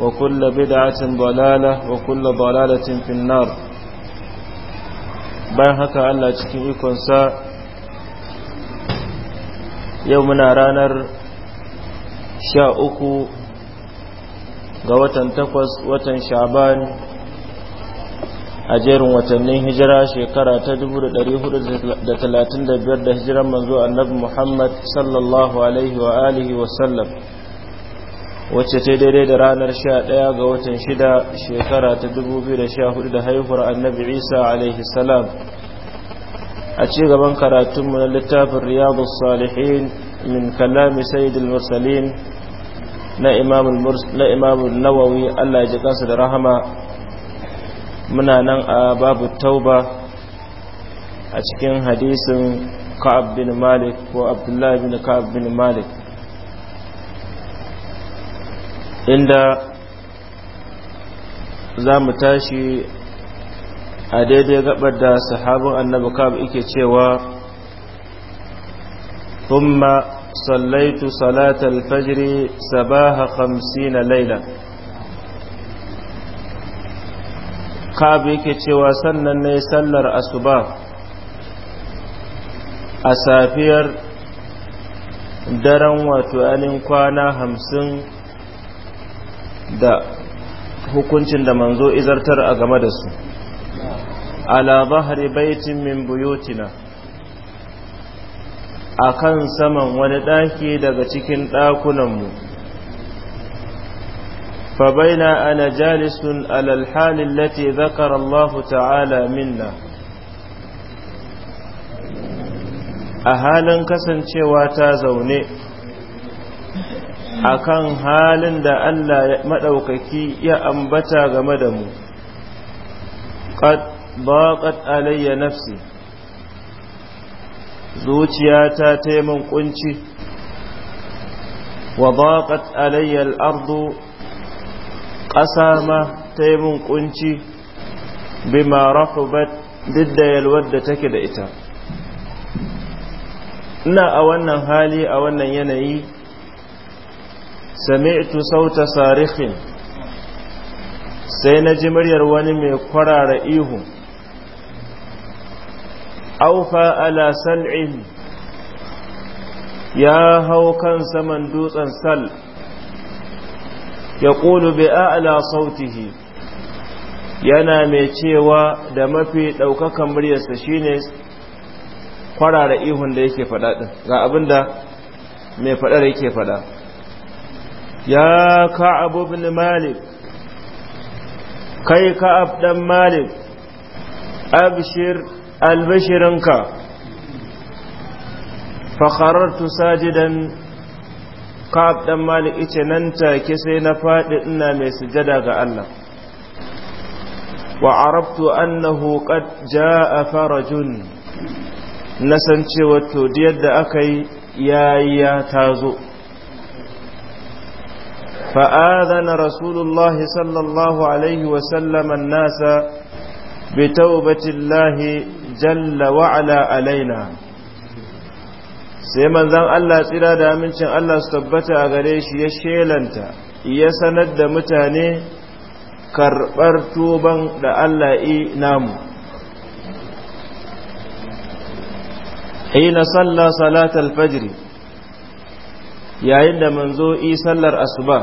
وكل بدعة ضلالة وكل ضلالة في النار bayan haka Allah cikin ikonsa yau muna ranar sha uku ga watan takwas watan shaban a jerin watannin hijira shekara ta 435 da hijiran manzo annabi Muhammad sallallahu alaihi wa alihi wa sallam wacce ta daidai da ranar 11 ga watan 6 shekara ta 2014 da haihuwar annabi isa alaihi salam a ci gaban karatunmu na littafin riyadu salihin min kalami sayyidul mursalin na imamun nawawi allah ji kansa da rahama muna nan a babu tauba a cikin hadisin ka'ab bin malik ko abdullahi bin ka'ab bin malik inda za mu tashi a daidai gabar da sahabin annabi kab ike cewa thumma sallaitu salatal fajri sabaha na laila kab yake cewa sannan ne sallar asuba a safiyar daren wato anin kwana hamsin da hukuncin da manzo izartar a game da su ala bahri baitin min buyutina a kan saman wani ɗaki daga cikin ɗakunanmu fabaina ana jalisun alalhalin lati Allah ta'ala minna a halin kasancewa ta zaune akan halin da Allah ya maɗaukaki ya ambata game da mu qad baqat alayya nafsi zuciyata ta yi min kunci wa baqat alayya al ƙasa ma ta yi min kunci bima duk da yalwar da take da ita ina a wannan hali a wannan yanayi sami'tu sauta sarikhin sai na ji muryar wani mai kwarara ihu aufa ala sal'in ya hau kan saman dutsen sal ya ƙulu bi a'la sautihi yana mai cewa da mafi ɗaukakan muryarsa shine kwarara ihun da yake faɗa ga abinda mai faɗar yake faɗa ya ka'ab ibn malik kai ka'ab dan malik abshir albashirinka fa kharartu sajidan ka'ab dan malik ita nan take sai na fadi ina mai sujada ga Allah wa arabtu annahu qad jaa farajun na san cewa to da yadda aka yi yayi ya tazo فآذن رسول الله صلى الله عليه وسلم الناس بتوبة الله جل وعلا علينا sai manzan Allah tsira da amincin Allah su tabbata a gare shi ya shelanta ya sanar da mutane karɓar tuban da Allah i namu hina salla salatal fajri yayin da manzo yi sallar asuba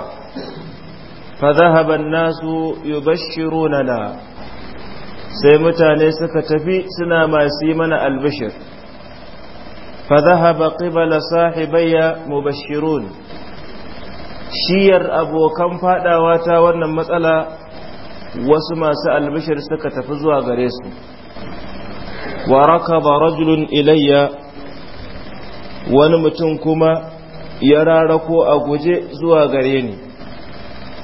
fa zahaba nasu nasu na. sai mutane suka tafi suna masu yi mana albishir fa zahaba qibala sahibayya mubashshirun shiyar abokan fadawa ta wannan matsala wasu masu albishir suka tafi zuwa gare su wa rakaba rajulun ilayya wani mutum kuma ya rarako a guje zuwa gare ni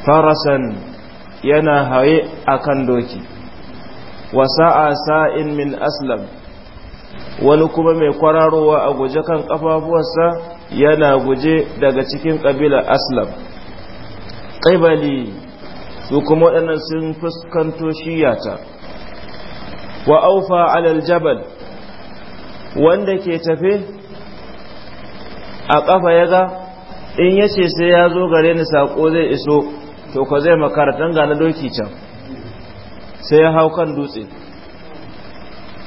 farasan yana haye kan doki wasa'a sa'in min aslam wani kuma mai kwararowa a guje kan kafafuwarsa yana guje daga cikin kabila aslam ƙaibali su kuma waɗannan sun fuskanto shiyata wa aufa alal jabal wanda ke tafe a ƙafa ya ga in ya ce sai ya zo gare ni saƙo zai iso to ka zai makaratan ga na doki can sai ya hau kan dutse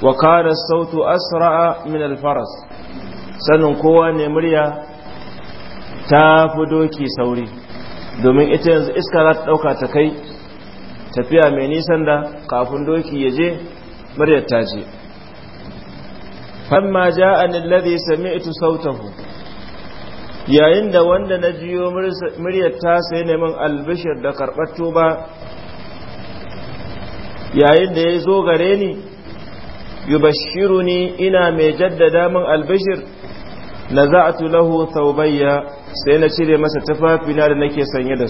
wa kana sautu asra'a min alfaras sanin kowa ne murya ta fi doki sauri domin ita yanzu iska za ta ɗauka ta kai tafiya mai nisan da kafin doki ya je muryar ta je famma ja'ani alladhi ita sautahu yayin da wanda na jiyo muryar tasa ya neman albishir da karɓar tuba yayin da ya zo gare ni yubashiru ni ina mai jaddada min albishir na a lahu taubayya sai na cire masa tufafina da nake sanye da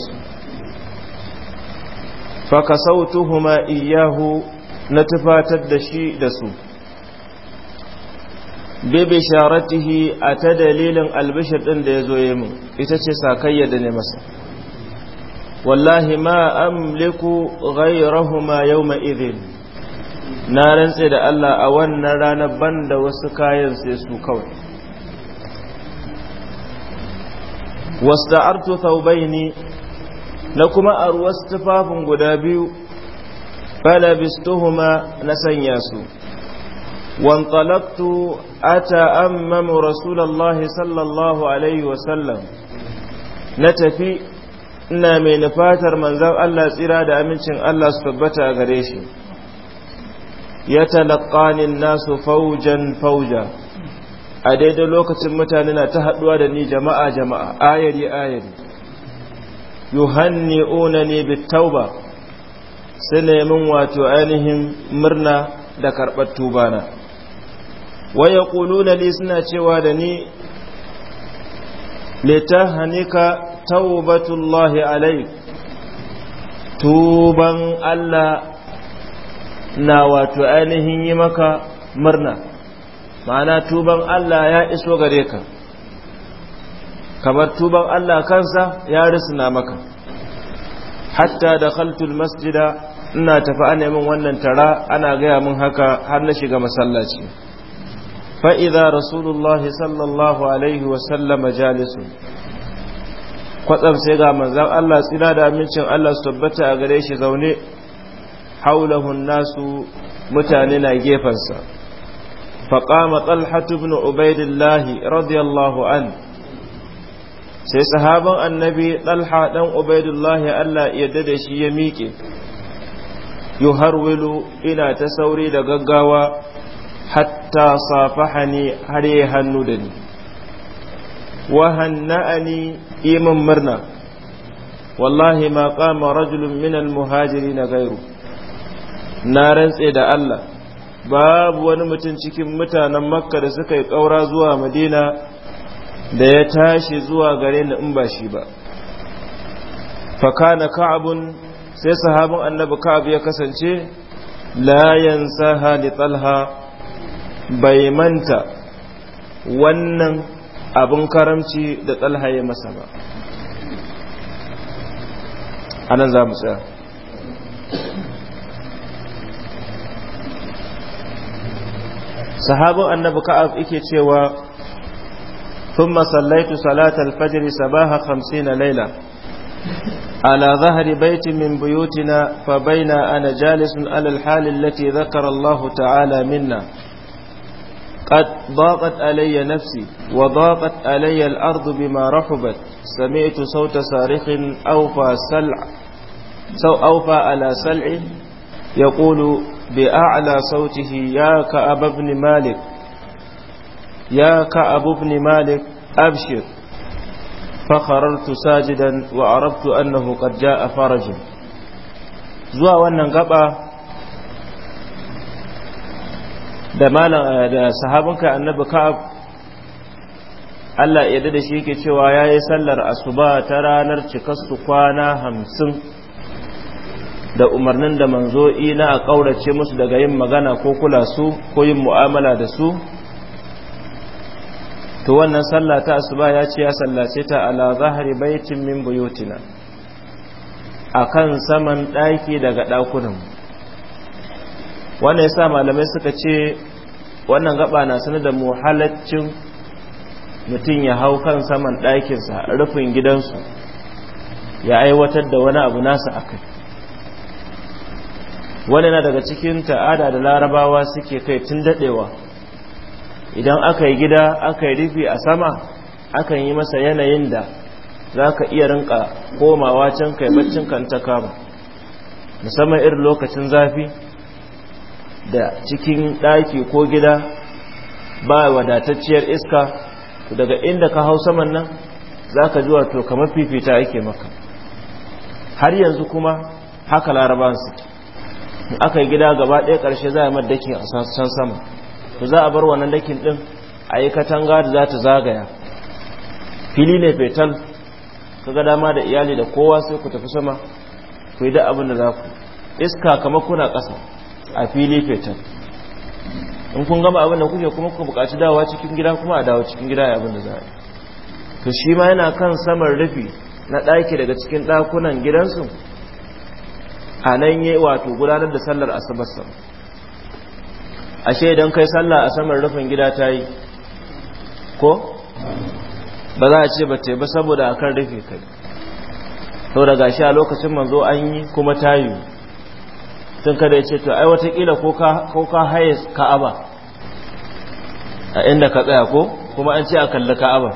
su huma iyahu na tufatar da shi da su bi bisharatihi a ta dalilin albishir ɗin da ya zo yi min ita ce sakayya da ne masa wallahi ma amliku ghayrahuma yawma idhin na rantse da Allah a wannan ranar banda wasu kayan sai su kawai wasta'artu thawbaini na kuma a ruwas tufafin guda biyu bistuhuma na sanya su وانطلقت أتأمم رسول الله صلى الله عليه وسلم نتفي ina mai nufatar manzan Allah tsira da amincin Allah su tabbata a gare shi ya talaqanin nasu faujan fauja a daidai lokacin mutane na ta haɗuwa da ni jama'a jama'a ayari ayari yuhanni unani bitauba sai min wato ainihin murna da karɓar tuba na. wa yaquluna li suna cewa da ni litahanika taubatullahi alai, tuban Allah na wato ainihin yi maka murna ma'ana tuban Allah ya iso gare ka kamar tuban Allah kansa ya risina maka hatta da khaltul masjida ina tafi ana wannan tara ana gaya min haka har na shiga masallaci fa'iza rasulullahi sallallahu alaihi wasallama jalisun kwatsam sai ga manzan Allah tsina da amincin Allah su tabbata a gare shi zaune haulahun nasu mutane na gefensa faƙama talhatu ibn ubaidillahi radiyallahu an sai sahaban annabi ɗalha ɗan ubaidillahi Allah yadda da shi ya miƙe yuharwilu ina ta sauri da gaggawa hatta safahani har ya hannu da ni wa hanna'ani iman murna wallahi ma qama rajulun minal na gairu. na rantse da Allah babu wani mutum cikin mutanen makka da suka yi ƙaura zuwa madina da ya tashi zuwa gare ni in ba shi ba fakana ka'abun sai sahabin annabi ka'ab ya kasance la yansaha li talha bai manta wannan abin karamci da tsalhaye masa ba a nan za mu tsaya sahabin annabi ka'af ike cewa sun masallaitu salatar fajiri sabaha hamsin laila ala zahari baiti min buyutina fa baina ana jalisun alal halin lati zakarar ta'ala minna قد ضاقت علي نفسي وضاقت علي الأرض بما رحبت سمعت صوت صارخ أوفى سلع سو أوفى على سلع يقول بأعلى صوته يا كأب بن مالك يا كأب بن مالك أبشر فخررت ساجدا وعرفت أنه قد جاء فرج زوا wannan gaba da malam eh, da sahabanka annabi ka'ab Allah ya da shi yake cewa yayi sallar asuba ta ranar su kwana hamsin da umarnin da manzo ina a kaurace musu daga yin magana ko kula su ko yin mu'amala da su to wannan sallah ta asuba ya ce ya sallace ta ala zahari baitin min buyutina akan saman daki daga dakunan wannan ya sa malamai suka ce wannan gaba na sanar da muhallacin mutum ya hau kan saman ɗakinsa rufin gidansu ya aiwatar da wani abu nasa a kai wani na daga cikin ta'ada da larabawa suke kai tun daɗewa idan aka yi gida aka yi rufi a sama akan yi masa yanayin da za ka iya rinka komawa can kai baccin kan ta kama musamman irin lokacin zafi da cikin ɗaki ko gida ba wadatacciyar iska daga inda ka hau saman nan za ka ji wato kamar fifita yake maka har yanzu kuma haka laraban su aka yi gida gaba ɗaya ƙarshe za a yi dakin a sassan sama to za a bar wannan dakin ɗin a yi katanga da za ta zagaya fili ne fetal ka ga dama da iyali da kowa sai ku tafi sama ku yi da abin da za ku iska kamar kuna ƙasa a fili fetal in kun gama abin da kuke kuma ku bukaci dawa cikin gida kuma a dawo cikin gida abin da za a yi to shi ma yana kan saman rufi na ɗaki daga cikin ɗakunan gidansu a nan yi wato gudanar da sallar asabar a ashe idan kai sallah a saman rufin gida ta yi ko ba za a ce ba ba saboda akan rufe kai sau daga shi a lokacin manzo an yi kuma ta tun kada ya ce to ai watakila ko ka haye ka'aba a inda ka tsaya ko kuma an ce a kalli ka'aba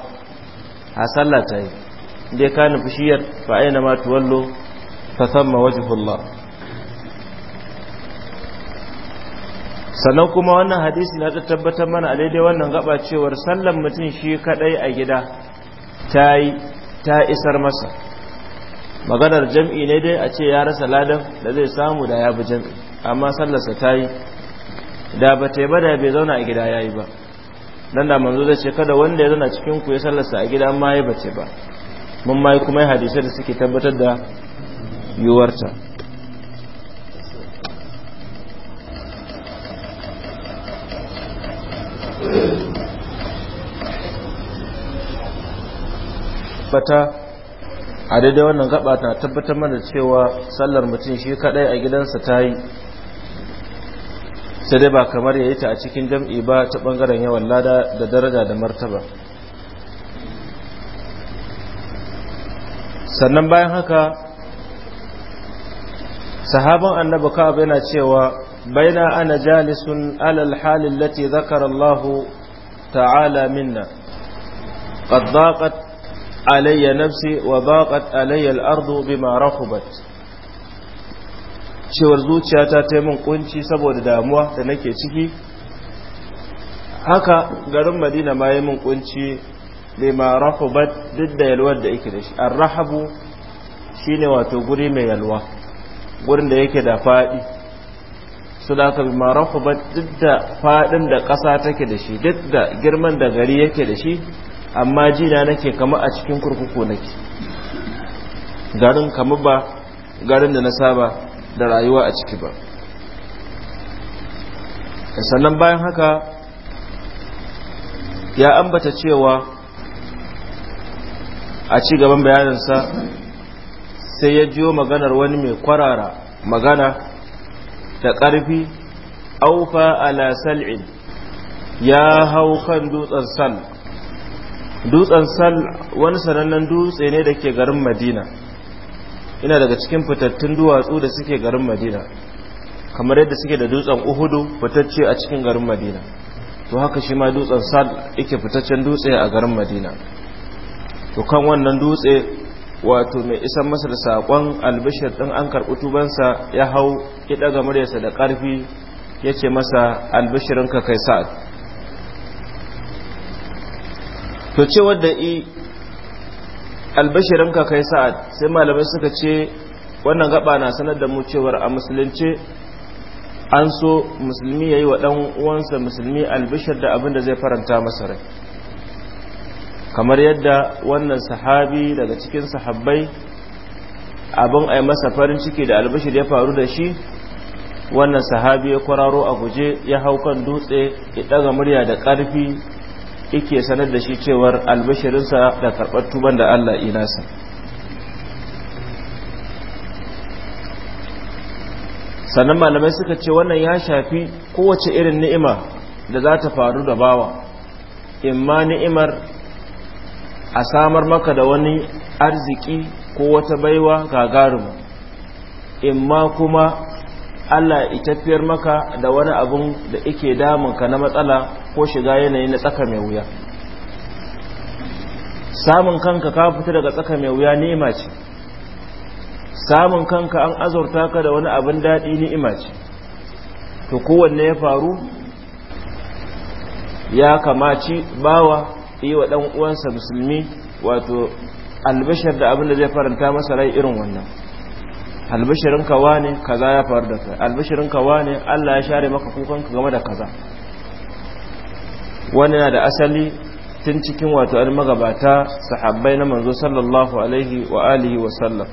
a sallah ta yi dai ka nufi shiyar fa aina ma tuwallo fa samma wajhullah sannan kuma wannan hadisi na ta tabbatar mana a daidai wannan gaba cewar sallan mutum shi kadai a gida ta yi ta isar masa maganar jam'i ne dai a ce ya rasa ladan da zai samu da ya bi jam'i amma sallarsa ta yi da ba ta yi ba da bai zauna a gida ya yi ba don da manzo zai ce kada wanda ya zauna cikin ku ya sallarsa a gida ma ya bace ba mun ma kuma hadisai da suke tabbatar da yiwuwarta bata a daidai wannan gaba ta tabbatar mana cewa sallar mutum shi kadai a gidansa ta yi sai dai ba kamar ya yi ta a cikin jam'i ba ta ɓangaren yawan lada da daraja da martaba sannan bayan haka sahabin annabi ka'ab yana cewa baina ana jalisun alal halin lati zakarallahu Allah ta'ala minna qad alayya nafsi wa baqat alayya al-ardu bima rahubat cewar zuciyata ta yi min kunci saboda damuwa da nake ciki haka garin madina ma yi min kunci bima rahubat duk da yalwar da yake da shi ar-rahabu shine wato guri mai yalwa gurin da yake da fadi su da aka bima rahubat duk da fadin da ƙasa take da shi duk da girman da gari yake da shi amma jina nake kama a cikin kurkuku nake garin kama ba garin da na saba da rayuwa a ciki ba sannan bayan haka ya ambata cewa a ci gaban bayaninsa sai ya jiyo maganar wani mai kwarara magana da ƙarfi aufa ala sal'in ya hau kan dutsen sal dutsen sal wani sanannen dutse ne da ke garin madina ina daga cikin fitattun duwatsu da suke garin madina kamar yadda suke da dutsen uhudu fitacce a cikin garin madina to haka shi ma dutsen sal yake fitaccen dutse a garin madina to kan wannan dutse wato mai isan masa da saƙon albishir ɗin an karɓi tubansa ya hau ya ɗaga muryarsa da ƙarfi ya ce masa albishirinka kai sa'ad to ce wadda i ka kai sa'ad sai malamai suka ce wannan gaba na sanar da mu cewar a musulunci an so musulmi ya yi wa ɗan uwansa musulmi albishir da abin da zai faranta masa rai kamar yadda wannan sahabi daga cikin sahabbai abin a masa farin ciki da albishir ya faru da shi wannan sahabi ya kwararo a guje ya hau kan dutse ya ɗaga murya da ƙarfi yake sanar da shi cewar albashirinsa da karɓar tuban da Allah inasa sannan malamai suka ce wannan ya shafi kowace irin ni'ima da za ta faru da bawa imma ni'imar a samar maka da wani arziki ko wata baiwa gagarin imma kuma Allah ya tafiyar maka da wani abun da yake ka na matsala ko shiga yanayi na tsaka mai wuya samun kanka ka fita daga tsaka mai wuya ni'ima ce samun kanka an azurta ka da wani abin daɗi ni'ima ce to kowanne ya faru ya kamaci bawa yi wa ɗan uwansa musulmi wato albashar da abin da zai faranta masa rai irin wannan albishirin ka wane kaza ya faru da kai albishirin ka wane Allah ya share maka kukan game da kaza wani na da asali tun cikin wato an magabata sahabbai na manzo sallallahu alaihi wa alihi wa sallam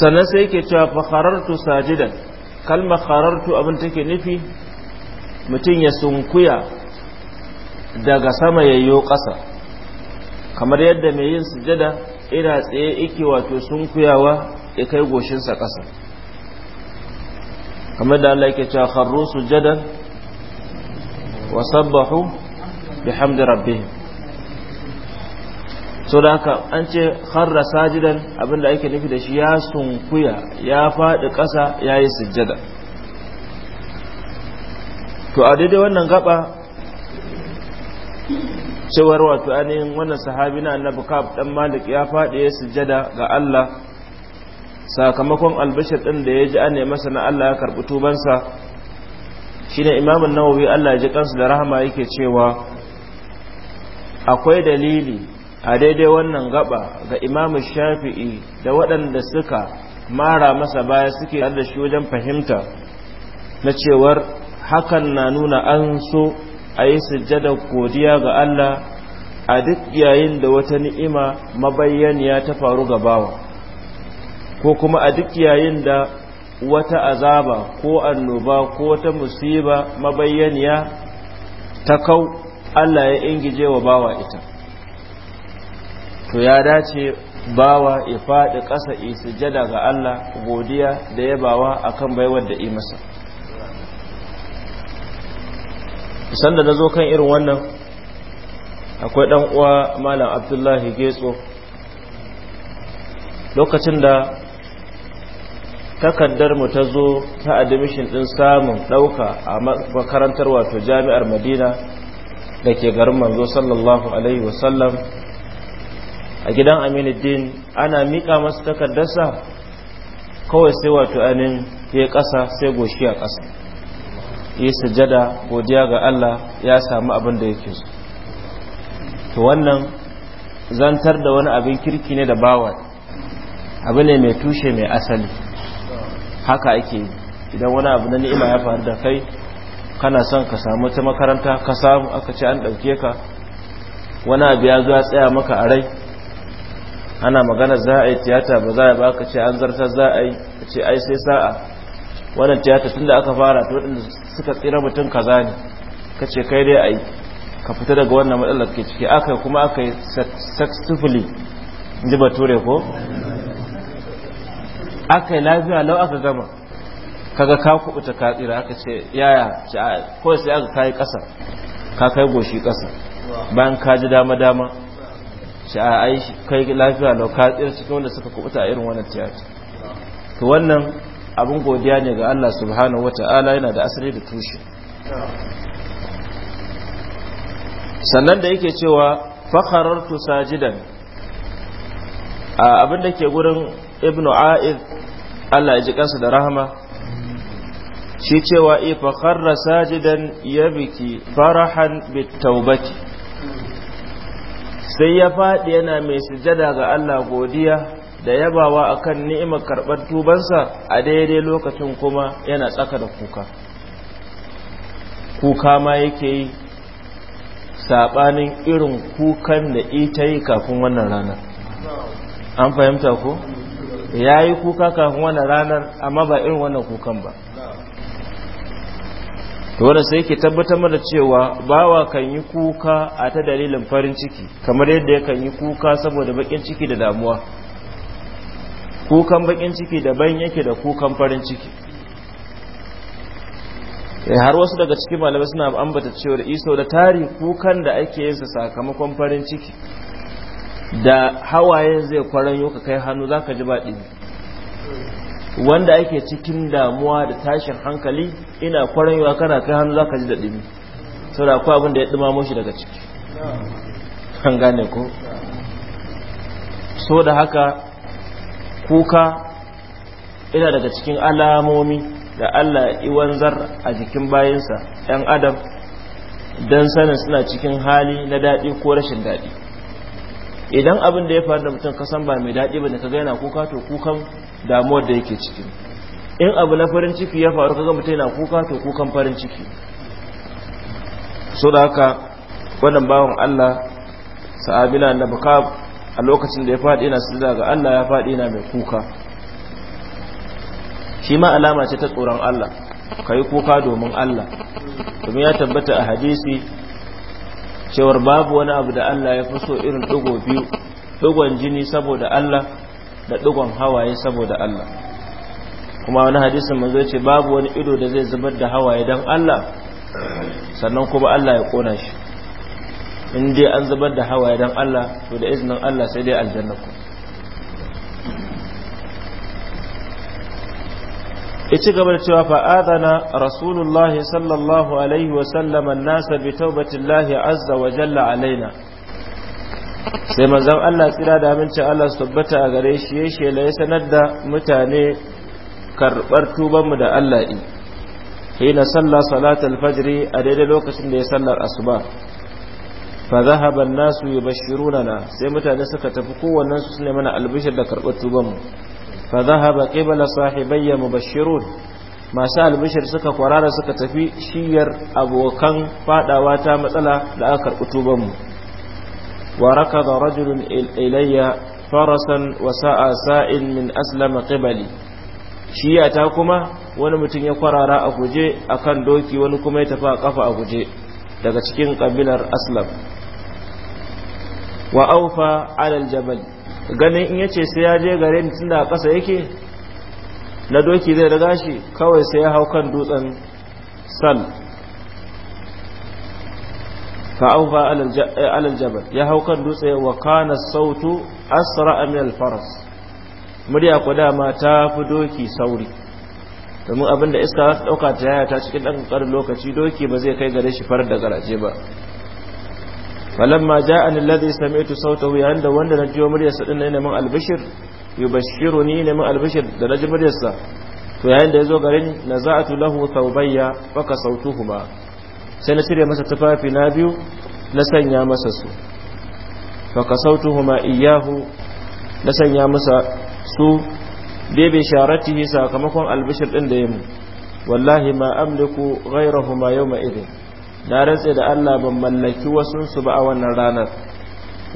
sannan sai yake cewa fa kharartu sajidan kalma kharartu abin take nufi mutum ya sunkuya daga sama yayyo ƙasa kamar yadda mai yin sujada ina tsaye ike wato sun kuyawa ya kai goshinsa kasa kamar da Allah yake cewa kharru sujadan wa sabbahu bihamdi rabbihim so da haka an ce kharra sajidan abinda ake nufi da shi ya sunkuya ya faɗi ƙasa ya yi sujjada to a daidai wannan gaba cewar wato ainihin wannan sahabi na annabi kaf dan malik ya faɗi ya sujjada ga Allah sakamakon albashir din da ya ji an masa na Allah ya karɓi tubansa shine imamu nawawi Allah ya ji kansu da rahama yake cewa akwai dalili a daidai wannan gaba ga imamu shafi'i da waɗanda suka mara masa baya suke da shi wajen fahimta na cewar hakan na nuna an so a yi sujjada godiya ga Allah a duk yayin da wata ni'ima mabayyaniya ta faru ga bawa ko kuma a duk yayin da wata azaba ko annoba ko wata musiba mabayyaniya ta kau Allah ya ingije wa bawa ita to ya dace bawa ya faɗi ƙasa isujjada ga Allah godiya da yabawa akan baiwar da imasa masa sanda na zo kan irin wannan akwai ɗan uwa malam abdullahi getso lokacin da takardar mu ta zo ta admission ɗin samun ɗauka a makarantar wato jami'ar madina da ke garin manzo sallallahu alaihi wasallam a gidan aminuddin ana miƙa masa takardarsa kawai sai wato anin ya ƙasa sai goshi a kasa. yi sujada godiya ga Allah ya samu abin da yake so to wannan zantar da wani abin kirki ne da bawa abu ne mai tushe mai asali haka ake idan wani abu na ni'ima ya faru da kai kana son ka samu ta makaranta ka samu aka ce an ɗauke ka wani abu ya zuwa tsaya maka a rai ana magana za a yi tiyata ba za a ba ka ce an zartar za a yi ce ai sai sa'a wannan tiyata tun da aka fara to waɗanda suka tsira mutum kaza ne ka ce kai dai ai ka fita daga wannan matsalar ke ciki aka kuma aka yi successfully ji bature ko aka yi lafiya lau aka gama kaga ka kubuta ka tsira aka ce yaya ko sai aka kayi kasa ka kai goshi kasa bayan ka ji dama dama shi a kai lafiya lau ka tsira cikin wanda suka kubuta irin wannan tiyata to wannan abin godiya ne ga Allah subhanahu wata'ala yana da asali da tushe sannan da yake cewa fakarartu sajidan abin da ke gurin ibnu a'id Allah ya ji kansa da rahama shi cewa ifa kharra sajidan yabki farahan bitawbati sai ya faɗi yana mai sujada ga Allah godiya da yabawa akan ni'imar karɓar tubansa a daidai lokacin kuma yana tsaka da kuka kuka ma yake yi saɓanin irin kukan da ita yi kafin wannan ranar an fahimta ko ya yi kuka kafin wannan ranar amma ba irin wannan kukan ba wadda sai ke tabbatar mana cewa bawa kan yi kuka a ta dalilin farin ciki kamar yadda ya kan yi kuka saboda bakin ciki da damuwa kukan bakin ciki daban yake da kukan farin ciki eh, har wasu daga cikin malamai suna ambata cewar iso da tari kukan da ake yinsa sakamakon farin ciki da hawaye zai kwaron yau ka kai hannu za ka ji baɗi wanda ake cikin damuwa da tashin hankali ina kwaron yau kana kai hannu za ka ji da sau da akwai abin ya ɗumama shi daga ciki an gane ko so da haka kuka ina daga cikin alamomi da Allah iwanzar a jikin bayansa ‘yan adam don sanin suna cikin hali na daɗi ko rashin daɗi idan abin da ya faru da mutum kasan ba mai daɗi ba da kaga yana kuka to kukan damuwar da yake ciki in abu na farin ciki ya faru kaga mutum yana kuka to kukan farin ciki so da haka wannan bawan Allah sa'abila na bukab a lokacin da ya faɗi yana su ga Allah ya faɗi yana mai kuka shi ma alama ce ta tsoron Allah ka yi kuka domin Allah domin ya tabbata a hadisi cewar babu wani abu da Allah ya fi so irin dugo biyu ɗigon jini saboda Allah da ɗigon hawaye saboda Allah kuma wani hadisin manzo ce babu wani ido da zai zubar da hawaye don Allah sannan kuma Allah ya kona shi in dai an zubar da hawaye don Allah to da izinin Allah sai dai aljanna ku ci gaba da cewa fa'adana rasulullahi sallallahu alaihi wasallama nasa bi taubatillahi azza wa jalla alaina sai manzan Allah tsira da amincin Allah su tabbata a gare shi ya shela ya sanar da mutane karɓar tubanmu da Allah yi hina sallah salatul fajri a daidai lokacin da ya sallar asuba fa zahaba an na sai mutane suka tafi kowannen su ne mana albishir da karɓar tuban mu fa zahaba qibla sahibayya mubashshirun masu albishir suka kwarara suka tafi shiyar abokan fadawa ta matsala da aka karɓi tuban mu wa rakada rajulun ilayya farasan wa sa'a sa'in min aslama qibali shiya ta kuma wani mutum ya kwarara a guje akan doki wani kuma ya tafi a kafa a guje daga cikin kabilar aslam wa aufa alal jabal ganin in yace sai ya je gare ni tunda a ƙasa yake na doki zai riga shi kawai sai ya hau kan dutsen sal fa aufa alal jabal ya hau kan dutse wa kana sautu asra min al faras murya ku dama ta fi doki sauri domin abinda iska za ta dauka ta yaya ta cikin ɗan ƙarin lokaci doki ba zai kai gare shi farar da garaje ba falamma ja'ani alladhi sami'tu sautahu yayin da wanda na jiyo muryarsa din ne min albishir yubashshiruni ne min albishir da na ji muryarsa ya yayin da yazo gare ni naza'atu lahu thawbayya fa kasautuhuma sai na cire masa tufafi na biyu na sanya masa su fa kasautuhuma iyyahu na sanya masa su bi bisharatihi sakamakon albishir ɗin da yayi wallahi ma amliku yau ma irin. na rantse da Allah ban mallaki wasunsu ba a wannan ranar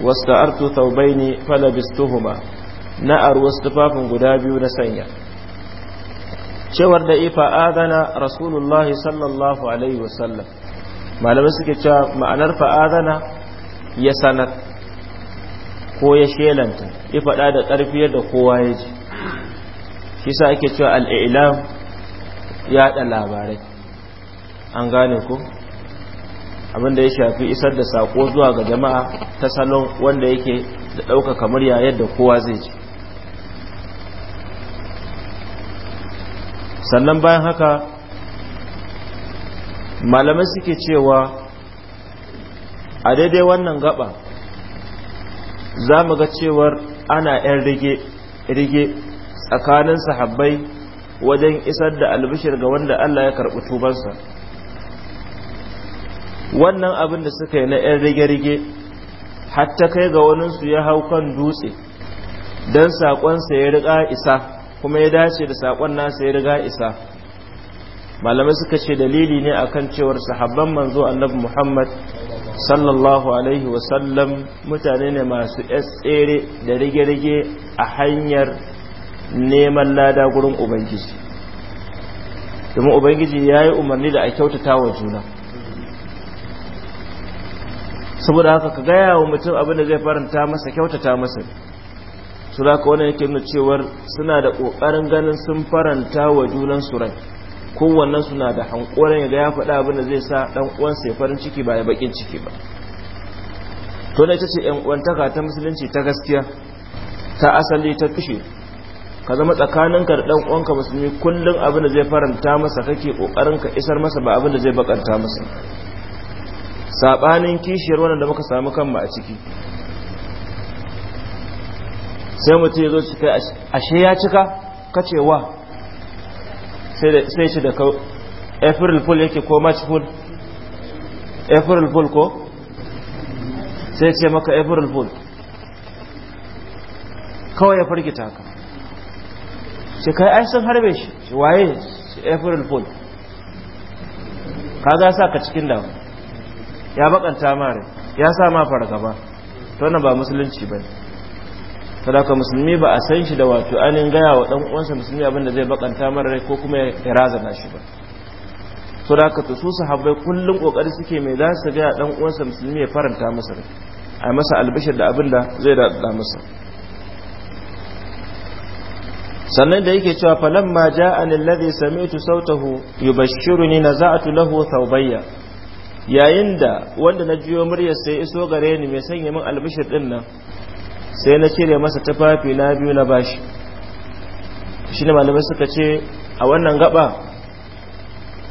wasta'artu thawbaini falabistuhuma na ar tufafin guda biyu na sanya cewar da ifa adana rasulullahi sallallahu alaihi wasallam malamai suke cewa ma'anar fa'adana ya sanar ko ya shelanta ifa faɗa da ƙarfi yadda kowa ya ji shi sa ake cewa al'ilam yaɗa labarai an gane ku abinda ya shafi isar da sako zuwa ga jama'a ta salon wanda yake da ɗaukaka murya yadda kowa zai ji sannan bayan haka malamai suke cewa a daidai wannan gaba za mu ga cewar ana 'yan rige tsakanin sahabbai wajen isar da albishir ga wanda Allah ya karɓi tubansa wannan abin da suka yi na 'yan rige-rige hatta kai ga wani su ya hau kan dutse don saƙonsa ya riga isa kuma ya dace da saƙon nasa ya riga isa malamai suka ce dalili ne akan cewar sahabban manzo annabi muhammad sallallahu alaihi wasallam mutane ne masu tsere da rige-rige a hanyar neman lada gurin ubangiji domin ubangiji ya yi umarni da a kyautata wa juna saboda haka ka gaya wa mutum abin da zai faranta masa kyautata masa su ka wani yake nuna cewar suna da ƙoƙarin ganin sun faranta wa junan surai rai suna da hankoran ya ya faɗa abin da zai sa ɗan uwansa ya farin ciki ba ya baƙin ciki ba to na ita ce ƴan uwantaka ta musulunci ta gaskiya ta asali ta tushe ka zama tsakaninka da ɗan uwanka musulmi kullum abin da zai faranta masa kake ƙoƙarin ka isar masa ba abin da zai baƙanta masa sabanin kishiyar wannan da muka samu kanmu a ciki sai mutum ya zo cika ashe ya cika kacewa sai shi da ka april fool yake ko march fool april fool ko sai ce maka april fool kawai ya fargita ka shi kai ai sun harbe shi waye april fool ka za sa ka cikin damu ya bakanta ma ya sa ma fargaba to wannan ba musulunci bane sadaka musulmi ba a san shi da wato anin gaya wa dan uwansa musulmi abin da zai bakanta mara rai ko kuma ya razana shi ba sadaka to su sahabbai kullun kokari suke mai za su gaya dan uwansa musulmi ya faranta masa rai a masa albishir da abin da zai da masa sannan da yake cewa falamma ja'ani alladhi sami'tu sautahu yubashshiruni naza'atu lahu thawbayya yayin da wanda na jiyo muryar sai iso gare ni mai sanya min albishir din nan sai na cire masa tufafi na biyu na bashi shi ne malamai suka ce a wannan gaba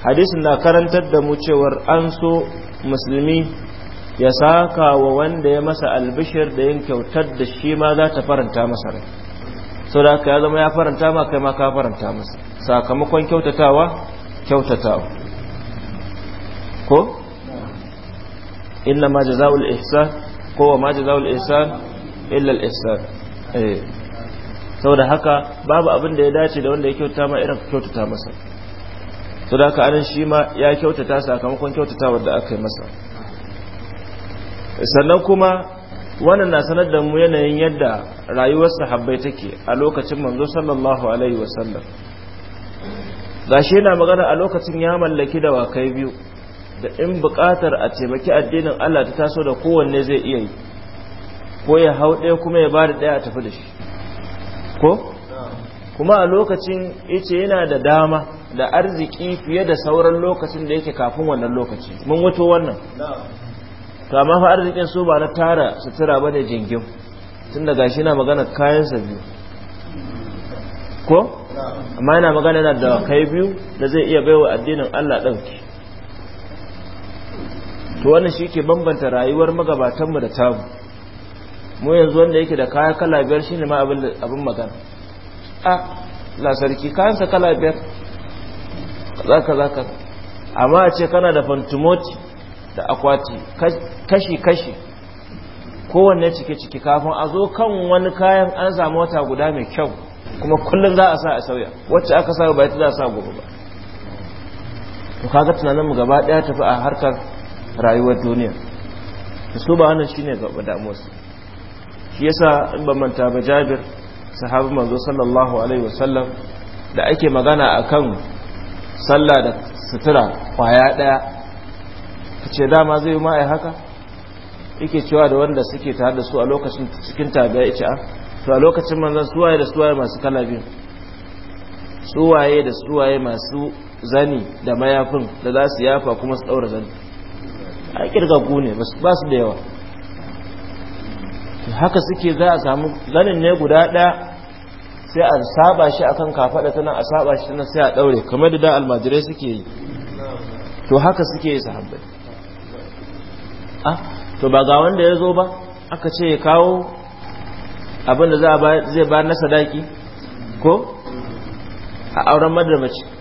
hadisin na karantar da mu cewar an so musulmi ya saka wa wanda ya masa albishir da yin kyautar da shi ma za ta faranta masa rai sau da aka ya zama ya faranta ma kai ma ka faranta masa sakamakon kyautatawa kyautatawa ko inna ma jaza'ul ihsan ko ma jaza'ul ihsan illa al ihsan eh saboda haka babu abin da ya dace da wanda ya kyauta ma irin kyautata masa to da haka anan shi ma ya kyautata sakamakon kyautatawar da aka yi masa sannan kuma wannan na sanar da mu yanayin yadda rayuwar sahabbai take a lokacin manzo sallallahu alaihi wasallam gashi yana magana a lokacin ya mallaki dawakai biyu da in buƙatar a taimaki addinin Allah ta taso da kowanne zai iya yi ko ya hau ɗaya kuma ya ba da ɗaya a tafi da shi ko kuma a lokacin ice yana da dama da arziki fiye da sauran lokacin da yake kafin wannan lokaci mun wuta wannan to amma fa arzikin su ba na tara sutura ba ne jingin tun da gashi na magana kayan sa biyu ko amma yana magana yana da kai biyu da zai iya baiwa addinin Allah ɗauki to wannan shi ke bambanta rayuwar magabatanmu da tamu mu yanzu wanda yake da kaya kala biyar shi ne ma abin magana a lasarki kayansa kala biyar Za ka za ka amma a ce kana da fantimoti da akwati kashi-kashi kowanne cike-cike kafin a zo kan wani kayan an samu wata guda mai kyau kuma kullum za a sa a sauya wacce aka sa ba ta za a sa gobe ba to kaga tunaninmu gaba daya tafi a harkar rayuwar duniya da su ba wannan shine gaba damuwarsu shi yasa in ba manta ba jabir sahabi manzo sallallahu alaihi wasallam da ake magana akan sallah da sutura kwaya daya ce dama zai yi ma'ai haka yake cewa da wanda suke tare da su a lokacin cikin tabiya ice a ah, to a lokacin manzan suwaye da suwaye masu kala suwaye da suwaye masu zani da mayafin da za su yafa kuma su daura zani a kirgagu ne ba su da yawa haka suke za a samu zanin ne guda ɗaya sai a saba shi akan kafaɗa tana a saba shi tana sai a daure kamar da da almajirai suke yi to haka suke yi sahabbai ah to ba ga wanda ya zo ba aka ce ya kawo abin da zai ba na sadaki ko a auren madarmaci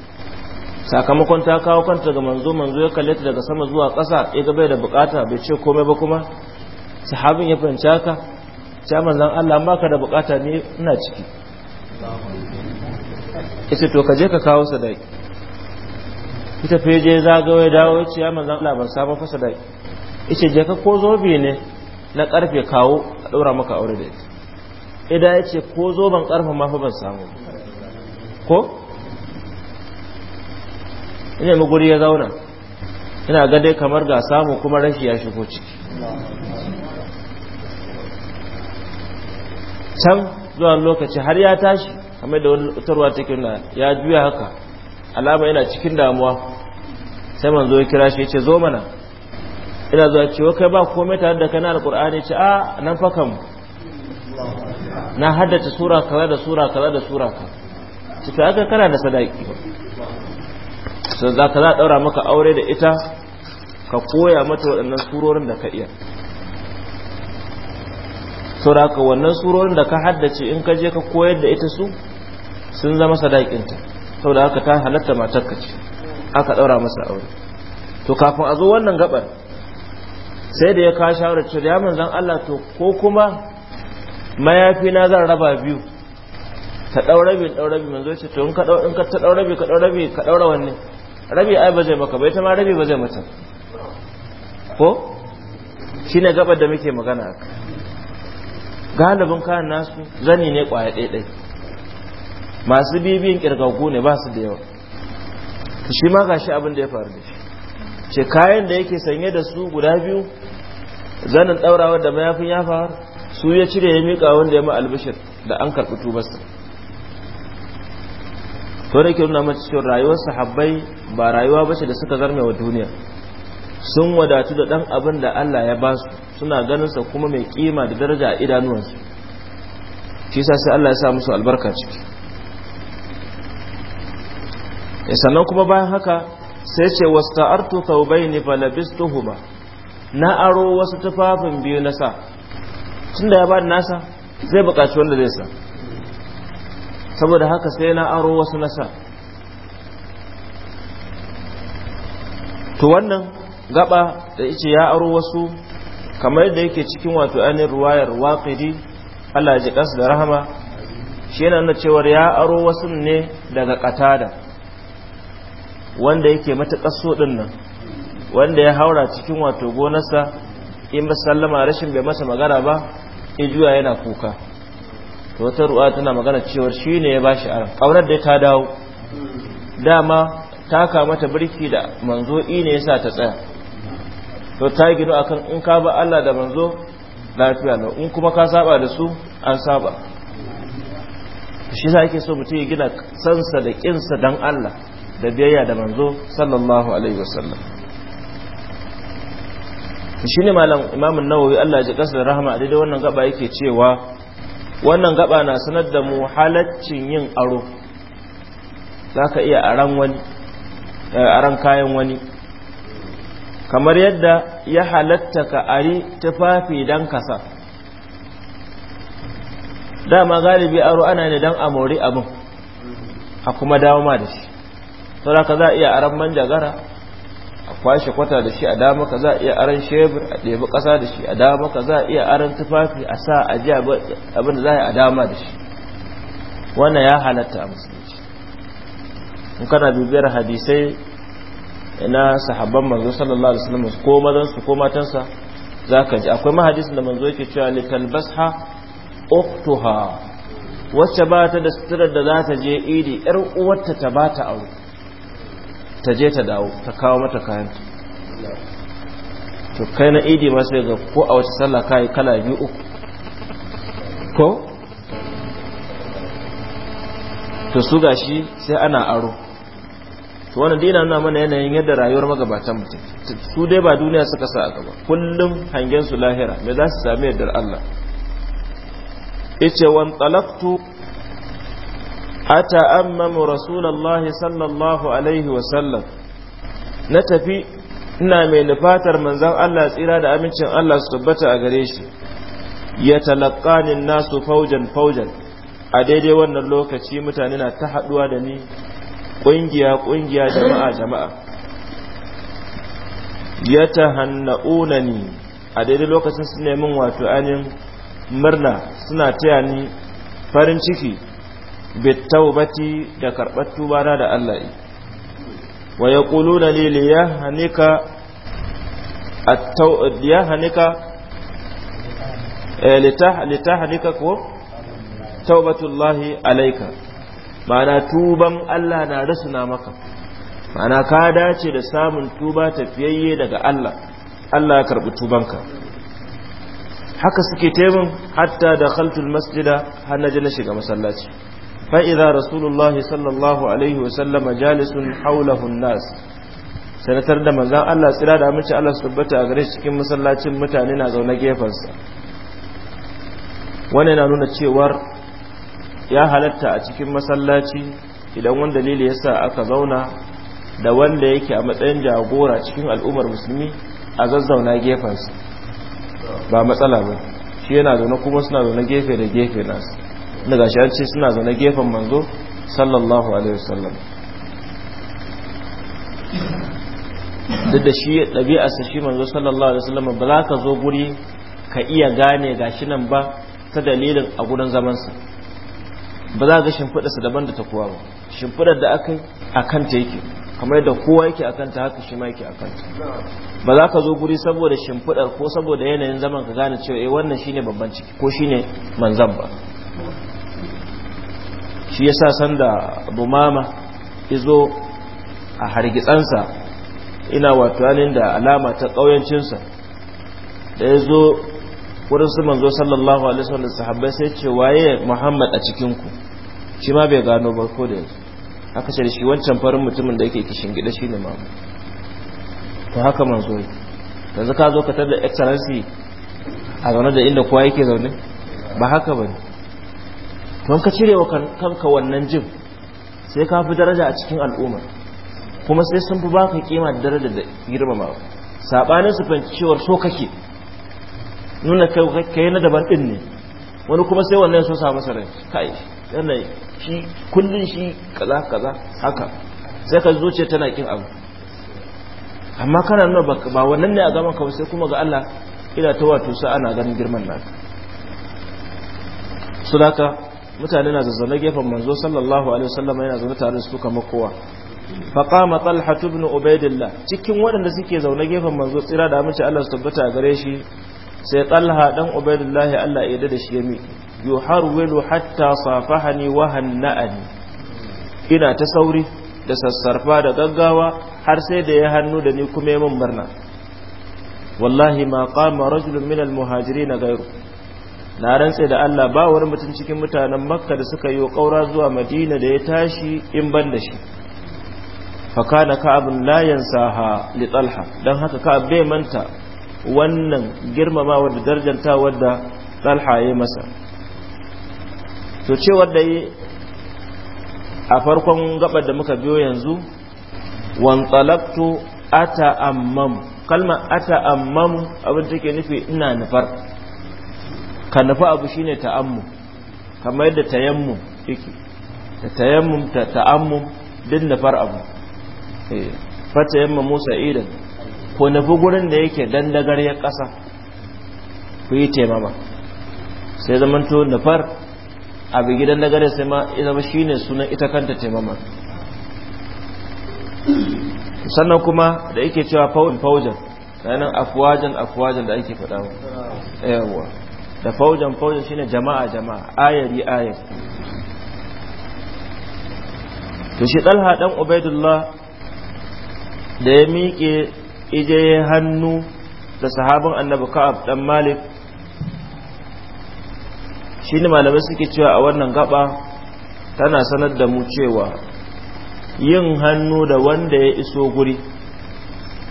sakamakon ta kawo kanta ga manzo manzo ya kalle ta daga sama zuwa ƙasa ya ga bai da bukata bai ce komai ba kuma sahabin ya fahimci haka ta manzon Allah ma ka da bukata ne ina ciki ita to ka je ka kawo sadaki ita fa je zagawa ya dawo yace ya manzon Allah ban samu fa sadaki ita je ka ko zobe ne na karfe kawo a daura maka aure da ita ida yace ko zoben karfe ma fa ban samu ko ina mu ya zauna ina ga kamar ga samu kuma rashi ya shigo ciki can zuwa lokaci har ya tashi kamar da wani tarwa take na ya juya haka alama yana cikin damuwa sai manzo ya kira shi ya ce zo mana ina zuwa cewa kai ba komai tare da kana alkur'ani ce a ah, nan fa kam na haddace sura kaza da sura kaza da sura ka cikin aka kana da sadaki sun za ta za ɗaura maka aure da ita ka koya mata waɗannan surorin da ka iya ka wannan surorin da ka haddace in ka je ka koyar da ita su sun zama sadakinta sau da haka ta halatta matarka ce aka ɗaura masa aure to kafin a zo wannan gabar sai da ya ka shawarar cewa ya manzan Allah to ko kuma mayafi na zan raba biyu ta ɗaurabi ɗaurabi manzo ce to in ka ɗaurabi ka ɗaurabi ka ɗaura wanne rabi ai ba zai maka ba ita ma rabi ba zai mata ko shine gabar da muke magana aka galibin kayan nasu zani ne kwaya ɗaiɗai masu bibiyin kirgagu ne ba su da yawa shi ma gashi abin da ya faru da shi ce kayan da yake sanye da su guda biyu zanin ɗaurawar da mayafin ya faru su ya cire ya miƙa wanda ya ma albishir da an karɓi tubarsa to da ke nuna mace cikin rayuwar sahabbai ba rayuwa ba ce da suka zarme wa duniya sun wadatu da ɗan abin da Allah ya ba su suna ganinsa kuma mai kima da daraja a idanuwansu shi sa sai Allah ya sa musu albarka ciki ya eh, sannan kuma bayan haka sai ce wasta'artu thawbaini falabistuhuma na aro wasu tufafin biyu na sa tunda ya ba nasa zai bukaci wanda zai sa saboda haka sai na aro wasu nasa to wannan gaba da yace ya aro wasu kamar da yake cikin wato ainihin ruwayar waqidi Allah da rahama shi yana nuna cewa ya aro wasu ne daga katada wanda yake matuƙar so din nan wanda ya haura cikin wato gonarsa in ba sallama rashin bai masa magana ba ijuwa yana kuka to wata ruwa tana magana cewar shi ne ya ba shi aron ƙaunar da ta dawo dama taka mata birki da manzo i ne yasa ta tsaya to ta gido akan in ka ba Allah da manzo lafiya na in kuma ka saba da su an saba shi za ake so mutum ya gina sansa da ƙinsa don Allah da biyayya da manzo sallallahu alaihi wasallam shi ne malam imamun nawawi Allah ya ji kasar rahama a daidai wannan gaba yake cewa wannan gaba na sanar da mu halaccin yin aro za ka iya a wani eh, kayan wani kamar yadda ya halatta ka ari tufafi don kasa dama galibi aro ana ne don amori abin a kuma dawo da shi saboda za a iya ran manjagara a kwashe kwata da shi a dama ka za a iya aran shebur a ɗebi ƙasa da shi a dama ka za a iya aran tufafi a sa a ji abin da za a yi a dama da shi wannan ya halatta a musulunci in kana bibiyar hadisai na sahabban manzo sallallahu alaihi wasallam ko mazan su ko matansa zaka ji akwai mahadisin da manzo yake cewa li talbasha uktuha wacce ba ta da suturar da za ta je idi yar uwarta ta ba ta aure ta je ta dawo ta kawo mata kayan to kai na idi ma sai ga ko a wace sallah kai kala biyu uku ko to su gashi sai ana aro to wannan dina nuna mana yanayin yadda rayuwar magabatan mutum su dai ba duniya suka sa a ba kullum hangen su lahira me za su sami yardar Allah yace wan talaqtu mu rasulullahi sallallahu alaihi wasallam na tafi ina mai nufatar manzon Allah tsira da amincin Allah su tabbata a gare shi ya talaqanin nasu faujan faujan a daidai wannan lokaci mutane na ta haduwa da ni kungiya kungiya jama'a jama'a ya ni a daidai lokacin su nemin wato anin murna suna taya ni farin ciki bittaubati da karɓar tubana da Allah yi wa ya ƙulu da lili ya hannika lita hannika ko taubatullahi alaika ma'ana tuban Allah na rasuna maka ma'ana ka dace da samun tuba tafiyayye daga Allah Allah ya karɓi tubanka haka suke taimun hatta da khaltul masjida har na shiga masallaci فإذا رسول الله صلى الله عليه وسلم جالس حوله الناس sanatar da manzan Allah tsira da amince Allah su tabbata a gare cikin masallacin mutane na zaune gefensa wannan na nuna cewar ya halatta a cikin masallaci idan wani dalili yasa aka zauna da wanda yake a matsayin jagora cikin al'ummar musulmi a zazzauna gefensa ba matsala ba shi yana zaune kuma suna zaune gefe da gefe nasu daga shi ce suna zaune gefen manzo sallallahu alaihi wasallam duk da shi ɗabi'arsa shi manzo sallallahu alaihi wasallam ba za ka zo guri ka iya gane ga shi nan ba ta dalilin a gurin zamansa ba za shimfiɗa su daban da ta kowa ba shimfiɗar da aka yi a ta yake kamar yadda kowa yake a kanta haka shi ma yake a kanta ba za ka zo guri saboda shimfiɗar ko saboda yanayin zaman ka gane cewa eh wannan shine babban ciki ko shine manzan ba shi ya sa sanda bumama izo a hargitsansa ina wato yanin da alama ta ƙauyancinsa da ya zo wurin su manzo sallallahu alaihi wasallam sahabbai sai ce waye Muhammad a cikinku shi ma bai gano ba ko da yanzu aka ce shi wancan farin mutumin da yake kishin gida shine mamu to haka manzo yanzu ka zo ka tada excellency a zaune da inda kowa yake zaune ba haka ba ne. don ka cire wa kanka wannan jin sai ka fi daraja a cikin al'umma kuma sai sun fi ba ka kima da daraja da girmamawa saɓanin su fahimci cewar so kake nuna kai na daban ɗin ne wani kuma sai wannan so samu sarai kai yana shi kullum shi kaza kaza haka sai ka zuciya tana kin abu amma kana nuna ba wannan ne a gama kawai sai kuma ga Allah ina ta wato sa ana ganin girman naka sulaka mutane na zazzane gefen manzo sallallahu alaihi wasallam yana zaune tare da su kamar kowa faqama talha ibn ubaidillah cikin waɗanda suke zaune gefen manzo tsira da amince Allah su tabbata gare shi sai talha dan ubaidillah Allah ya da shi ya mi yuharwilu hatta safahani wa ina ta sauri da sassarfa da gaggawa har sai da ya hannu da ni kuma ya min murna wallahi ma qama rajulun min al-muhajirin ghayru na rantse da Allah ba wani mutum cikin mutanen makka da suka yi wa ƙaura zuwa madina da ya tashi in ban da shi fakana ka'abun layan saha li talha don haka ka bai manta wannan girmamawa da darjanta da talha ya masa to cewar da yi a farkon gabar da muka biyo yanzu wantalaktu ata ammam kalmar ata ammam abin take nufi ina nufar ka nufi abu shine ta'ammu kamar yadda tayammum yake da tayammum ta ta'ammum din nufar abu eh, fata yamma musa idan ko nufi gurin da yake dagar ya ƙasa ku yi taimama sai zamanto nufar abu gidan dagar sai ma shi shine sunan ita kanta taimama sannan kuma da yake cewa fawin fawjan ranar afuwajen afuwajen da ake faɗa yawa da faujan faujan shine jama'a jama'a ayari ayari to shi talha dan ubaidullah da ya miƙe ije hannu da sahabin annabi ka'ab dan malik shine malamai suke cewa a wannan gaba tana sanar da mu cewa yin hannu da wanda ya iso guri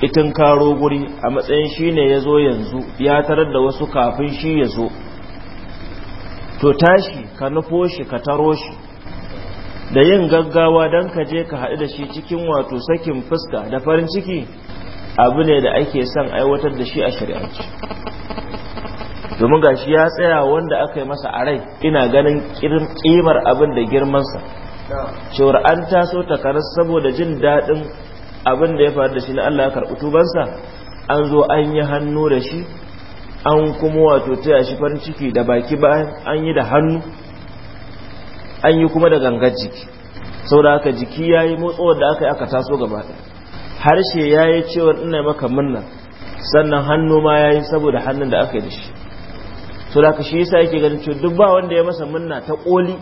itin karo guri a matsayin shine ya zo yanzu ya tarar da wasu kafin shi ya zo to tashi ka nufo shi ka taro shi da yin gaggawa don ka je ka haɗu da shi cikin wato sakin fuska da farin ciki abu ne da ake son aiwatar da shi a shari'arci domin ga shi ya tsaya wanda aka yi masa a rai ina ganin ƙimar abin da girmansa cewar an taso takarar saboda jin daɗin abin da ya faru da shi na Allah ya karɓi tubansa an zo an yi hannu da shi an kuma wato taya shi farin ciki da baki ba an yi da hannu an yi kuma da gangar jiki sau da aka jiki ya yi motsowar da aka yi aka taso gaba harshe ya yi cewar ina maka murna sannan hannu ma ya yi saboda hannun da aka yi da shi sau da aka shi yasa yake ganin cewa duk ba wanda ya masa murna ta koli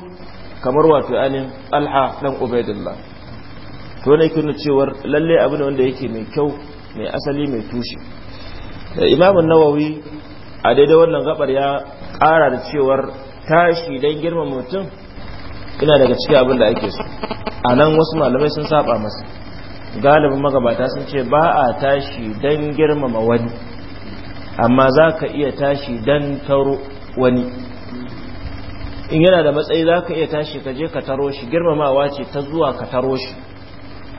kamar wato anin alha dan ubaidullah to ne kuna cewar lalle abin wanda yake mai kyau mai asali mai tushe imamun nawawi a daidai wannan gabar ya ƙara da cewar tashi don girma mutum ina daga cikin abin da ake so a nan wasu malamai sun saba masu galibin magabata sun ce ba a tashi don girmama wani amma za ka iya tashi don taro wani in yana da matsayi za ka iya tashi ka je ka taro shi girmamawa ce ta zuwa ka taro shi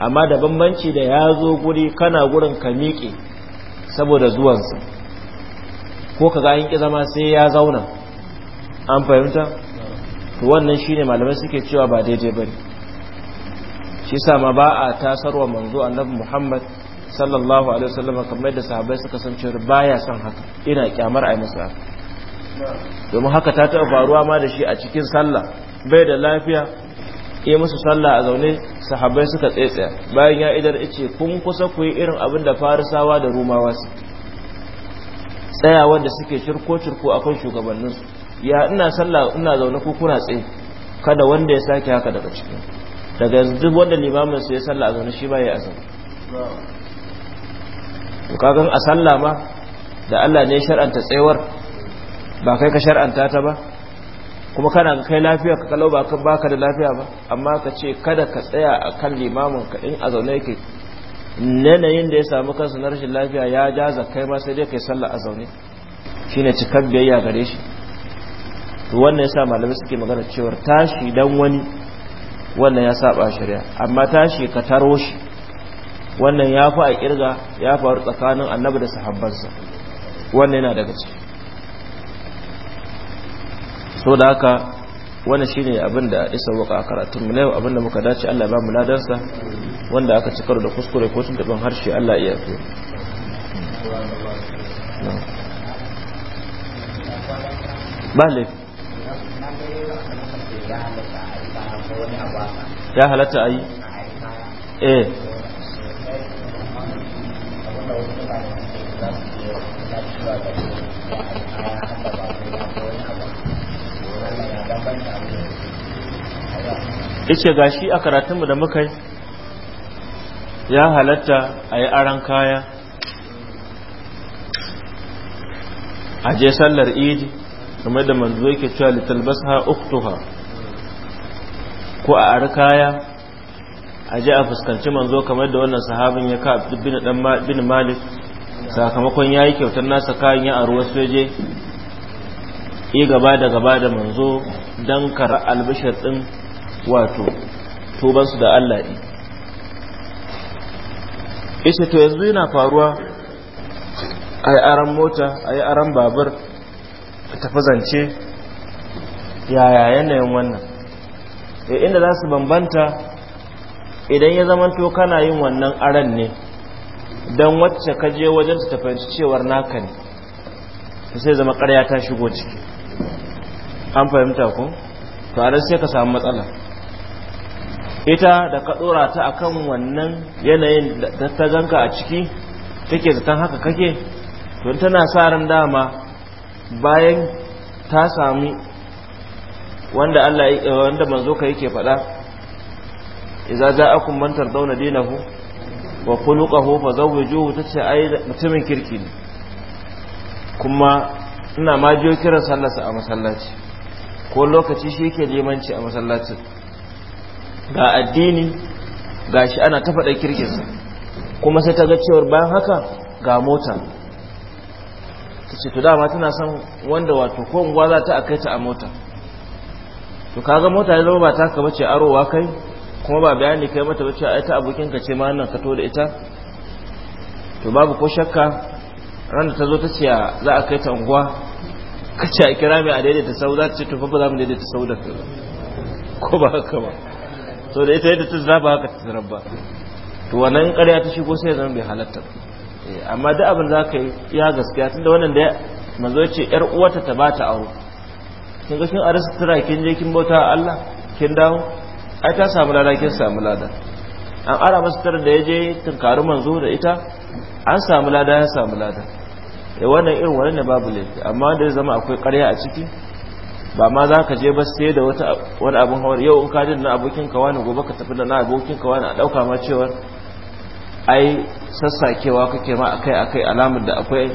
amma da bambanci da ya zo guri kana gurin ka miƙe saboda zuwansa ko ka ga an ƙi zama sai ya zauna an fahimta to wannan shine malamai suke cewa ba daidai bane shi sa ma ba a tasarwa manzo annabi Muhammad sallallahu alaihi wasallam kamar da sahabbai suka san cewa baya son haka ina kyamar ai masa domin haka ta taɓa faruwa ma da shi a cikin sallah bai da lafiya yi musu sallah a zaune sahabai suka tsaye bayan ya idar ice kun kusa ku yi irin abin da farisawa da rumawa su tsayawar da suke shirko shirko akan shugabannin su ya ina sallah ina zaune ko kuna tsaye kada wanda ya sake haka daga cikin daga yanzu duk wanda limamin su ya sallah a zaune shi ba ya azan to kagan a sallah ma da Allah ne shar'anta tsayawar ba kai ka shar'anta ta ba kuma kana kai lafiya ka kalau ba ka da lafiya ba amma ka ce kada ka tsaya akan limamin ka in a zaune yake nanayin da ya samu kansa na rashin lafiya ya ja kai ma sai dai kai sallah a zaune shine cikar biyayya gare shi to wannan yasa malamai suke magana cewa tashi dan wani wannan ya saba shari'a amma tashi ka taro shi wannan ya fi a kirga ya faru tsakanin annabi da sahabbansa wannan yana daga ciki so da haka wani shine abinda a isa waka a karatun mu yau abinda muka dace Allah ba mu ladarsa wanda aka ci karo da kuskure ko sun taɓin harshe Allah iya fi bale ya halatta a yi eh yace gashi a karatunmu da muka yi ya halatta a yi aran kaya a je sallar idi kuma da manzo yake cewa litalbasha uktuha ko a ari kaya a je a fuskanci manzo kamar da wannan sahabin ya ka bin dan bin malik sakamakon yayi kyautar nasa kayan ya aru wasu je yi gaba da gaba da manzo dan kar albishir din wato tubansu da Allah ɗi ishe to yanzu yana faruwa a yi aran mota a yi aran babur tafi zance yaya yanayin wannan inda za su bambanta idan ya zamanto kana yin wannan aran ne don wacce ka je wajen ta fahimci cewar naka ne sai zama karya ta shigo ciki an fahimta ku to a sai ka samu matsala ita da ka dora ta akan wannan yanayin da ta ganka a ciki take zaton haka kake to tana sa ran dama bayan ta sami wanda Allah eh, wanda manzo ka yake faɗa idza ja'akum man tardawna dinahu wa khuluquhu zawwijuhu tace ai mutumin kirki ne kuma ina ma jiyo kiran sallarsa a masallaci ko lokaci shi yake limanci a masallacin ga addini ga shi ana ta faɗa kirkinsa kuma sai ta ga cewar bayan haka ga mota ta ce to dama tana son wanda wato ko unguwa za ta akai ta a mota to kaga mota ya zama ba ta ka bace arowa kai kuma ba bayani kai mata bace yi ta abokin ka ce ma nan ka to da ita to babu ko shakka ran da ta zo ta ce za a kai ta unguwa ka ce a kira mai a daidaita sau za ta ce to za mu daidaita sau da kai ko ba haka ba so da ita yadda ta zaba haka ta zarar ba to wannan ƙarya ta shigo sai zama bai halatta eh, amma duk abin za ka yi ya gaskiya tun da wannan da manzo ce yar uwata ta bata aure kin ga kin arsa tura kin je kin bauta Allah kin dawo ai ta samu lada kin samu lada an ara masa tura da ya yaje tunkaru manzo da ita an samu lada ya samu lada eh wannan irin wannan babu laifi amma da zama akwai karya a ciki ba ma za ka je ba sai da wani abin hawar yau in ka na abokin kawa gobe ka tafi da na abokin kawa a ɗauka ma cewa ai sassakewa kake ma akai akai alamar da akwai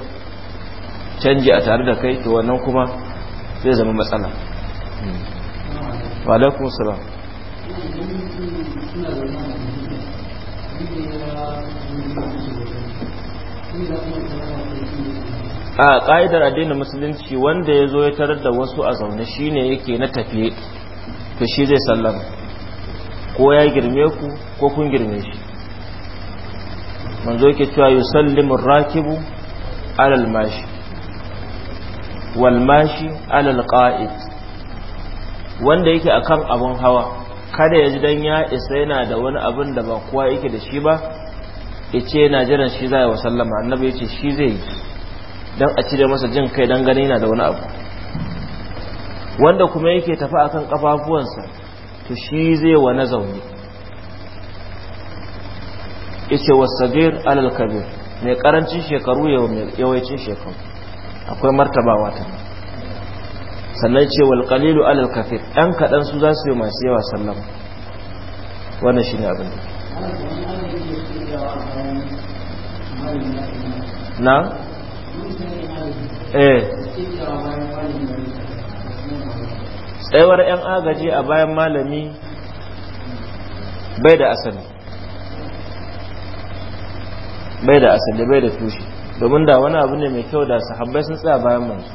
canji a tare da kai to wannan kuma zai zama matsala wa salam Thank you. a ƙa'idar addinin musulunci wanda ya zo ya tarar da wasu a zaune shi ne yake na tafiye to shi zai sallama ko ya girme ku ko kun girme shi manzo yake cewa sallimin rakibu alal mashi wal mashi alal ƙa'id. wanda yake akan abin hawa kada ya ji don ya isa yana da wani abin da ba kuwa yake da shi ba ya ce yana jiran shi yi wa sallama annabi ce shi zai yi don a cire masa jin kai don gani na da wani abu wanda kuma yake tafi akan kafafuwansa to shi zai wa na zaune yace wasagir alal kabir mai karancin shekaru yawancin shekaru akwai martabawa ta sannan ce wal qalilu alal kafir dan kadan su za su yi masu yawa sallama wannan shi ne abin da na eh tsayawar 'yan agaji a bayan malami bai da asali bai da asali bai da tushe domin da wani abu ne mai kyau da sahabbai sun tsaya bayan manzo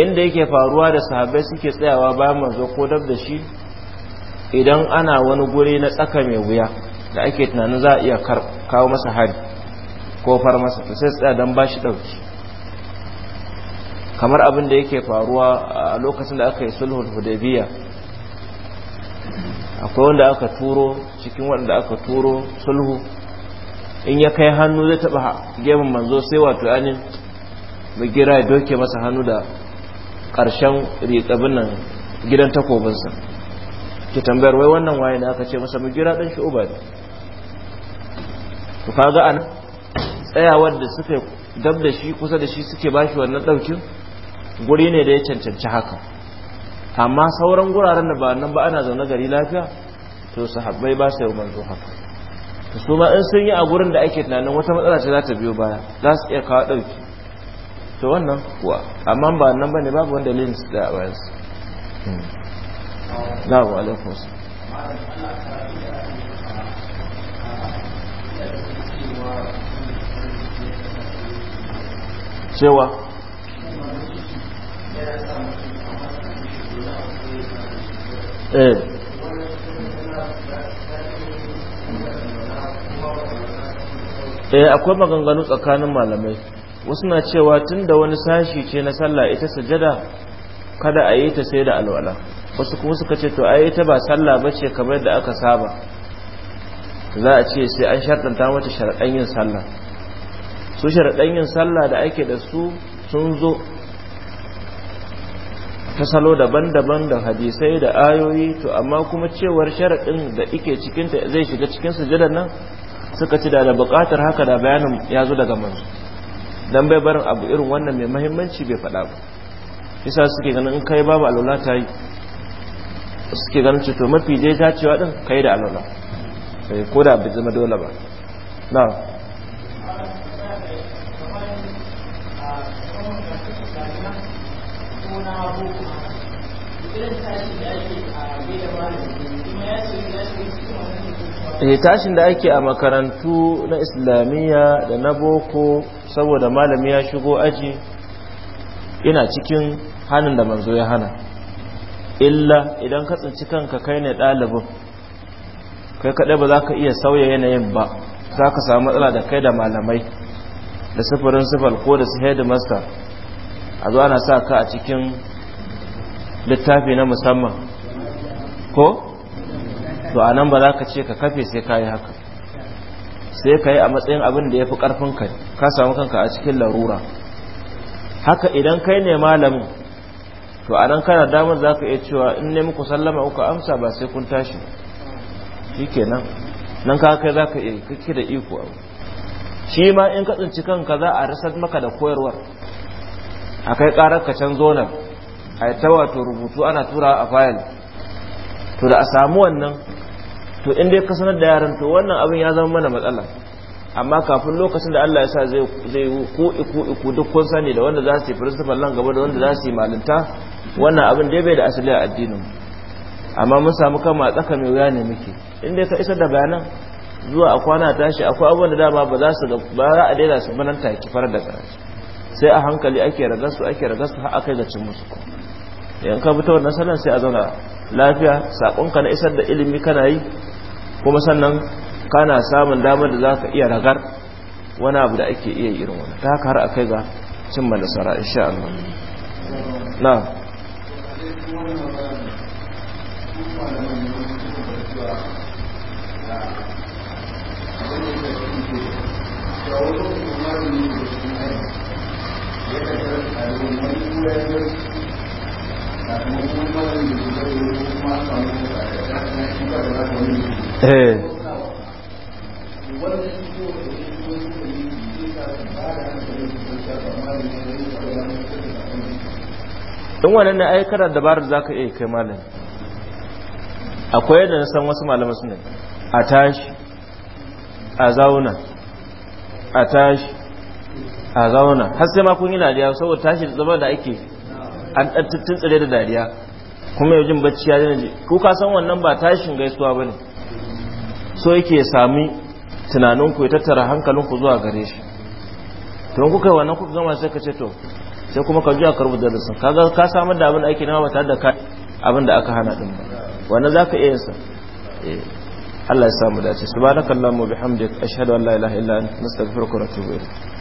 inda yake faruwa da sahabbai suke tsayawa bayan manzo ko dab da shi idan ana wani guri na tsaka mai wuya da ake tunanin za a iya kawo masa hari ko far masa to sai tsaya dan bashi dauki kamar abin da yake faruwa a lokacin da aka yi sulhul hudabiya akwai wanda aka turo cikin wanda aka turo sulhu in ya kai hannu zai taba gemin manzo sai wato anin bugira ya doke masa hannu da karshen ritsabin nan gidan takobinsa ki tambayar wai wannan waye ne aka ce masa bugira dan shi uba ne ga a nan. tsayawar da suka dab da shi kusa da shi suke bashi wannan ɗaukin guri ne da ya cancanci haka amma sauran guraren da ba nan ba ana zaune gari lafiya to sahabbai ba su yi manzo haka to su ma in sun yi a gurin da ake tunanin wata matsala ce za ta biyo baya za su iya kawo ɗauki to wannan kuwa amma ba nan ba ne babu wanda lin su da bayan su wa hmm. alaikum salam cewa eh. eh akwai maganganu tsakanin malamai wasu na cewa tun da wani sashi ce na sallah ita sajada, kada a yi ta sai da alwala wasu kuma suka ce to ai ta ba sallah ba ce kamar da aka saba za a ce sai an shartanta mata sharaɗan yin sallah su sharaɗan yin sallah da ake da su sun zo ta salo daban-daban da hadisai da ayoyi to amma kuma cewar sharaɗin da ike cikinta zai shiga cikin sujadar nan suka ci da da buƙatar haka da bayanin ya zo daga manzo Don bai barin abu irin wannan mai mahimmanci bai faɗa ba isa suke ganin in kai babu alola ta yi suke ganin cuto mafi dai dacewa din kai da alwala eh, ko da bai zama dole ba na. Eh, tashin da ake a makarantu na islamiyya da na boko saboda malami ya shigo aji Ina cikin hannun da manzo ya hana illa idan ka tsinci kanka kai ne ɗalibin kai kaɗai ba za ka iya sauya yanayin ba za ka samu matsala da kai da malamai da sufurin sufal ko da su master a zuwa na sa ka a cikin littafi na musamman ko to a nan ba za ka ce ka kafe sai ka yi haka sai ka yi a matsayin abin da ya fi ƙarfin kai ka samu kanka a cikin larura haka idan kai ne malamin to a nan kana damar za ka iya cewa in ne muku sallama uku amsa ba sai kun tashi shi kenan nan ka kai za ka iya kake da iko abu shi ma in ka tsinci kanka za a rasar maka da koyarwar a kai ƙarar ka can zonar a ta wato rubutu ana tura a fayil to da a samu wannan to in dai ka sanar da yaran to wannan abin ya zama mana matsala amma kafin lokacin da Allah ya sa zai zai ko iko iko duk kun sani da wanda za su yi principal nan gaba da wanda za su yi malinta wannan abin dai bai da asali a addinin amma mun samu kama tsaka mai wuya ne muke in dai ka isar da bayanan zuwa a kwana tashi akwai abubuwan da dama ba za su ga ba za a daina su ta ki farar da karatu sai a hankali ake raga ake ragasu su har akai ga cin musu in ka fito wannan salon sai a zauna lafiya ka na isar da ilimi kana yi kuma sannan kana samun damar da za ka iya ragar wani abu da ake iya irin wani ta haka har a kai ga cimma nasara insha Allah na Thank you. Eh. in wannan ne ai kana dabarar za ka iya kai malami akwai yadda na san wasu malamai su ne a tashi a zauna a tashi a zauna har sai ma kun yi lariya saboda tashi da zama da ake an dan tuntsire da dariya kuma yau jin bacci ya ji ko ka san wannan ba tashin gaisuwa ne so yake sami tunaninku ya tattara hankalinku zuwa gare shi to kuka wannan kuka gama sai ka ce to sai kuma ka juya karbu darasin kaga ka samar da abin da ake nema ba tare da ka abin da aka hana din ba wannan zaka iya sa eh, Allah ya samu dace subhanakallahumma bihamdika ashhadu an la ilaha illa anta nastaghfiruka wa natubu ilayk